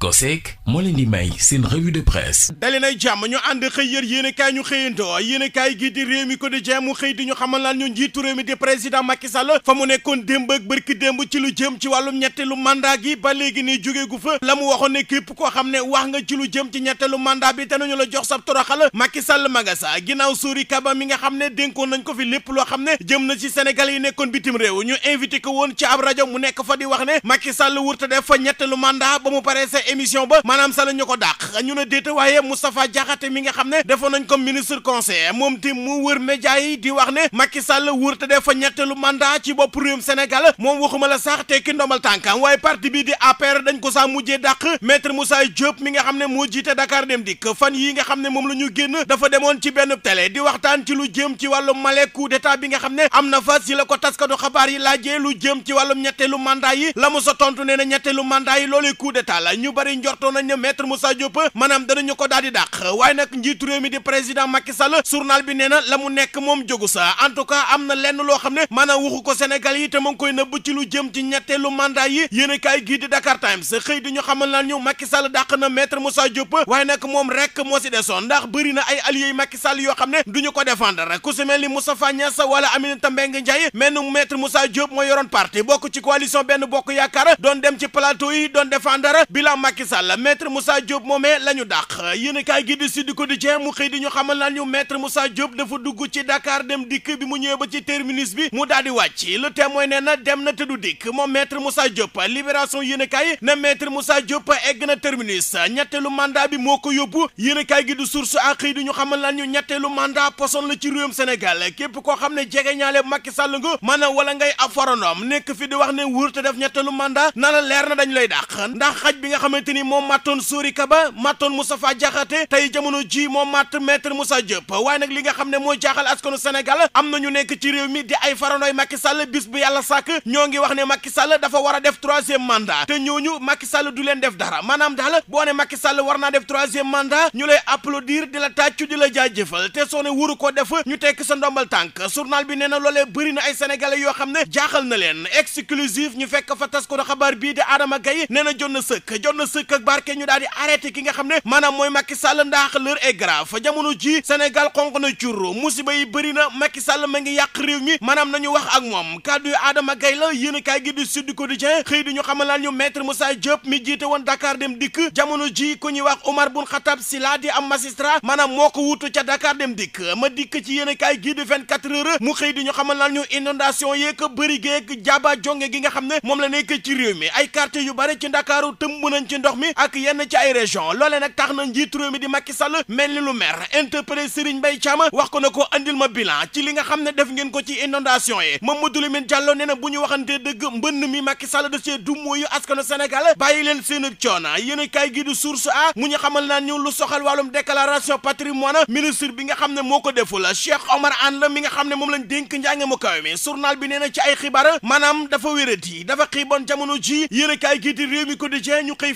COSEC moo leen di may seen revue de presse dali jàmm ñu ànd xëy yër yéen i ñu xëyantoo yéen i kaay gi di réew mi quotidien mu xëy di ñu xamal naa ñu njiitu réew mi di président Macky fa mu nekkoon démb ak bërki démb ci lu jëm ci wàllum ñetteelu mandat gi ba léegi nii jógee gu fa la mu waxoon ne képp koo xam ne wax nga ci lu jëm ci ñetteelu mandat bi te nañu la jox sab toroxal Macky Sall magasa ginnaaw Souri Kaba mi nga xam ne dénkoon nañ ko fi lépp loo xam ne jëm na ci Sénégal yi nekkoon bitim réew ñu invité ko woon ci ab rajo mu nekk fa di wax ne Macky Sall wurta def fa ñetteelu mandat ba émission ba maanaam sa la ñu ko dàq ñu ne déete waaye Moustapha Diakhaté mi nga xam ne defoon nañ ko ministre conseiller moom tim mu wër média yi di wax ne Macky Sall wër te def fa ñetteelu mandat ci bopp réewum Sénégal moom waxuma la sax tekki ndomal tànkam waaye parti bii di APR dañ ko saa mujjee dàq maître Moussa Diop mi nga xam ne moo jiite Dakar dem dikk fan yi nga xam ne moom la ñu génn dafa demoon ci benn télé di waxtaan ci lu jëm ci wàllu male coup d'état bi nga xam ne am na fa si la ko taskatu xabaar yi laajee lu jëm ci wàllum ñetteelu mandat yi la mu sa tontu nee na ñetteelu mandat yi loolu coup bëri njortoon nañ ne maître Moussa Diop maanaam danañu ko daal di dàq waaye nag njiitu réew mi di président Macky Sall journal bi nee na la mu nekk moom jógu sa en tout cas am na lenn loo xam ne maanaam waxu ko Sénégal yi te ma ngi koy nëbb ci lu jëm ci ñetteelu mandat yi yéen a kaay gii di Dakar Times xëy di ñu xamal naan ñu Macky Sall dàq na maître Moussa Diop waaye nag moom rek moo si desoon ndax bëri na ay alliés Macky Sall yoo xam ne duñu ko défendre ku si mel ni Moustapha Niass wala Aminata Mbengue Ndiaye mel ni moo yoroon parti bokk ci coalition benn bokk yaakaar doon dem ci plateau yi doon défendre bilan Macky Sall maître Moussa Diop moomee la ñu dàq yéenekaay gi di Sud Quotidien mu xëy di ñu xamal naan ñu maître Moussa Diop dafa dugg ci Dakar dem dikk bi mu ñëwee ba ci terminus bi mu daal di wàcc Le Témoin nee na dem na te du dikk moom maître Moussa Diop Libération yéenekaay na maître Moussa Diop egg na terminus ñetteelu mandat bi moo ko yóbbu yéenekaay gi di Source A xëy di ñu xamal naan ñu ñetteelu mandat poson la ci réewum Sénégal képp koo xam ne jege ñaale Macky Sall nga mën a wala ngay ab foronom fi di wax ne wóor te def ñetteelu mandat na la na dañ lay dàq xamante ni moom màttoon Sory Kaba màttoon Moustapha Diakhaté tey jamono ji moom màtt maître Moussa Diop waaye nag li nga xam ne moo jaaxal askanu Sénégal am na ñu nekk ci réew mi di ay farandoy Macky Sall bis bu yàlla sàkk ñoo ngi wax ne Macky Sall dafa war a def troisième mandat te ñooñu Macky Sall du leen def dara maanaam daal boo ne Macky Sall war naa def troisième mandat ñu lay applaudir di la tàccu di la jaajëfal te soo ne wuru ko def ñu tekk sa ndombal tànk journal bi nee na loolee bëri na ay sénégalais yoo xam ne jaaxal na leen exclusif ñu fekk fa tas ko xabaar bii di Adama Gaye nee na jot na sëkk jot na sëkk ak barke ñu daal di arrêté ki nga xam ne maanaam mooy Macky Sall ndax l'heure est grave jamono ji Sénégal xonq na curro musiba yi bëri na Macky Sall ma ngi yàq réew mi maanaam nañu wax ak moom kàddu yu Adama Gaye la yéen kaay gi du Sud Quotidien xëy di ñu xamal laan ñu maître Moussa Diop mi jiite woon Dakar dem dikk jamono ji ku ñuy wax Omar Boun Khattab Sylla di am magistrat maanaam moo ko wutu ca dakaar dem dikk ma dikk ci yéen kaay gi du 24 heures mu xëy di ñu xamal laan ñu inondation yeeg bëri geeg jaaba jonge gi nga xam ne moom la nekk ci réew mi ay quartier yu ci Ndakaaru tëmb nañ ci ndox mi ak yenn ci ay région loole nag tax na njiitu réew mi di Macky Sall mel ni lu mer interpellé Serigne Mbaye Thiam wax ko na ko andil ma bilan ci li nga xam ne def ngeen ko ci inondation yi Mamadou Lamine Diallo nee na bu ñu waxantee dëgg mbënn mi Macky Sall da cee dummóoyu askanu Sénégal bàyyi leen seen coono yéen kaay gi du a mu ñu xamal naa ñu lu soxal wàllum déclaration patrimoine ministre bi nga xam ne moo ko deful Cheikh nga xam ne moom lañ dénk njàng mu kaw mi journal bi nee na ci ay xibaar maanaam dafa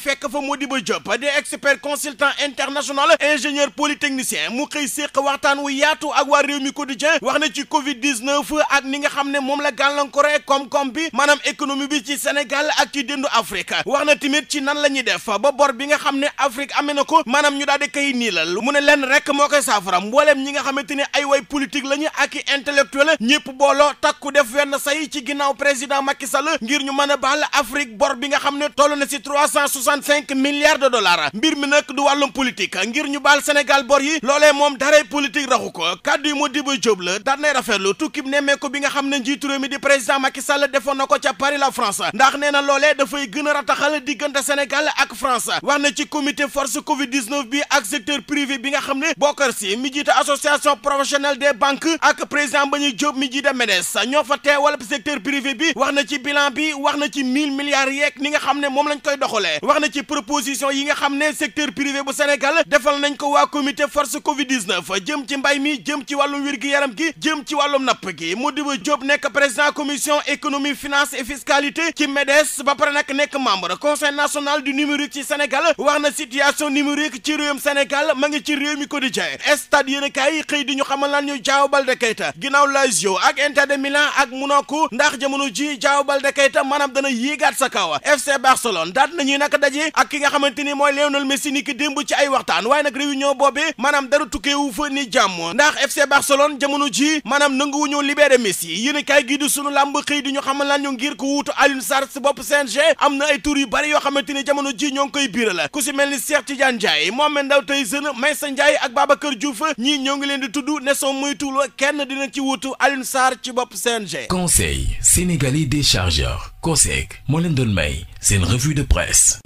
fekk fa Modibo Diop di expert consultant international ingénieur polytechnicien mu xëy séq waxtaan wu yaatu ak waa réew mi quotidien wax na ci Covid 19 ak ni nga xam ne moom la gàllankoore koom-koom bi maanaam économie bi ci Sénégal ak ci dëndu Afrique wax na tamit ci nan la ñuy def ba bor bi nga xam ne Afrique amee na ko maanaam ñu daal di koy niilal mu ne lenn rek moo koy saafara mbooleem ñi nga xamante ne ay way politique lañu ak i intellectuel ñëpp booloo takku def wenn say ci ginnaaw président Macky Sall ngir ñu mën a baal Afrique bor bi nga xam ne toll na si trois cent soixante soixante-cinq milliards de dollars mbir mi nag du wàllum politique ngir ñu baal Sénégal bor yi loolee moom daray politique raxu ko kàddu yi Modibo Diop la daan nay rafetlu tukkib nemmeeku bi nga xam ne njiitu réew mi di président Macky Sall defoon na ko ca Paris la France ndax nee na loolee dafay gën a rataxal diggante Sénégal ak France wax na ci comité force Covid 19 bi ak secteur privé bi nga xam ne Bokar Si mi jiite association professionnelle des banques ak président Mbagnick Diop mi jiite MEDES ñoo fa teewal secteur privé bi wax na ci bilan bi wax na ci mille milliards yeeg ni nga xam ne moom lañ koy doxalee na ci proposition yi nga xam ne secteur privé bu Sénégal defal nañ ko waa comité force Covid 19 jëm ci mbay jëm ci wàllum wér gi yaram gi jëm ci wàllum napp gi Modibo Diop nekk président commission économie finance et fiscalité ci MEDES ba pare nag nekk membre conseil national du numérique ci Sénégal wax na situation numérique ci réewum Sénégal ma ngi ci réew mi ko di jaay stade yéen a kaay xëy di ñu xamal lan ñu Diao Baldé Keita de Milan ak Monaco ndax jamono ji Diao Baldé Keita maanaam dana yéegaat sa kaw FC Barcelone daat nañuy nag daje ak ki nga xamante ni mooy Lionel Messi ni ki démb ci ay waxtaan waaye nag réunion boobee maanaam dara tukkeewu fa ni jàmm ndax FC Barcelone jamono ji maanaam nanguwuñu libéré Messi yéen kaay gii di sunu làmb xëy di ñu xamal lan ñu ngir ko wuutu Alioune Sarr si bopp CNG am na ay tur yu bari yoo xamante ni jamono ji ñoo ngi koy biiral ku si mel ni Cheikh moo Ndiaye Mohamed Ndao Tyson Maysa Ndiaye ak Babacar Diouf ñii ñoo ngi leen di tudd ne soo moytuwul kenn dina ci wuutu Alioune Sarr ci bopp CNG. Conseil sénégalais des chargeurs COSEC moo leen doon may seen revue de presse.